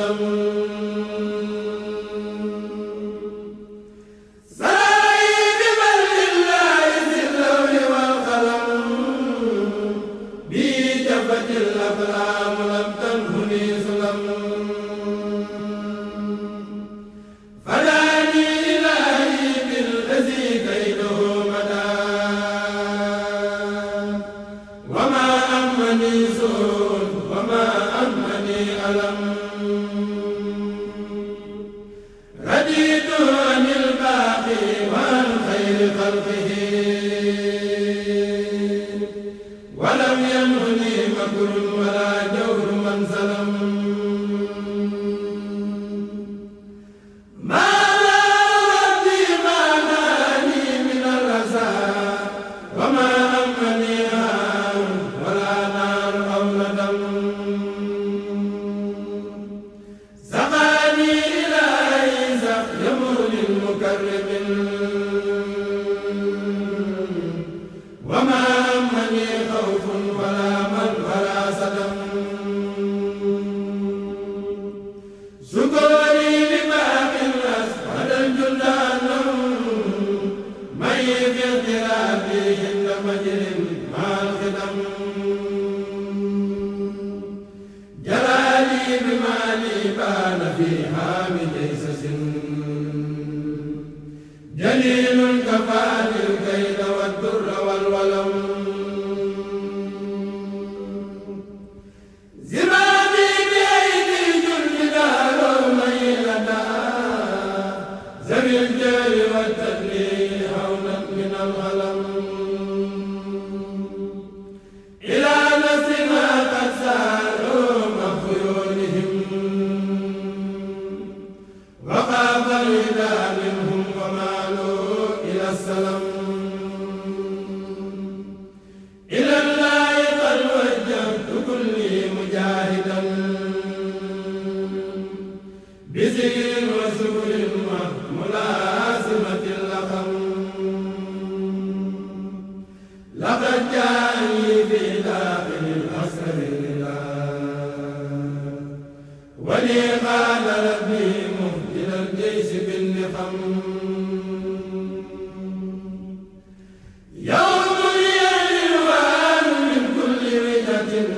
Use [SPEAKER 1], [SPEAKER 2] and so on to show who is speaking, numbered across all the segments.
[SPEAKER 1] lam alam jaliil ذوي الجار والتفريح حولا من الغلم wali qaal rabbi muhdil al jays bin nifam yawm yalwaan min kulli wijatin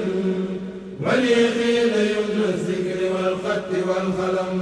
[SPEAKER 1] wali xiina yumna zikri wal xatti wal xalam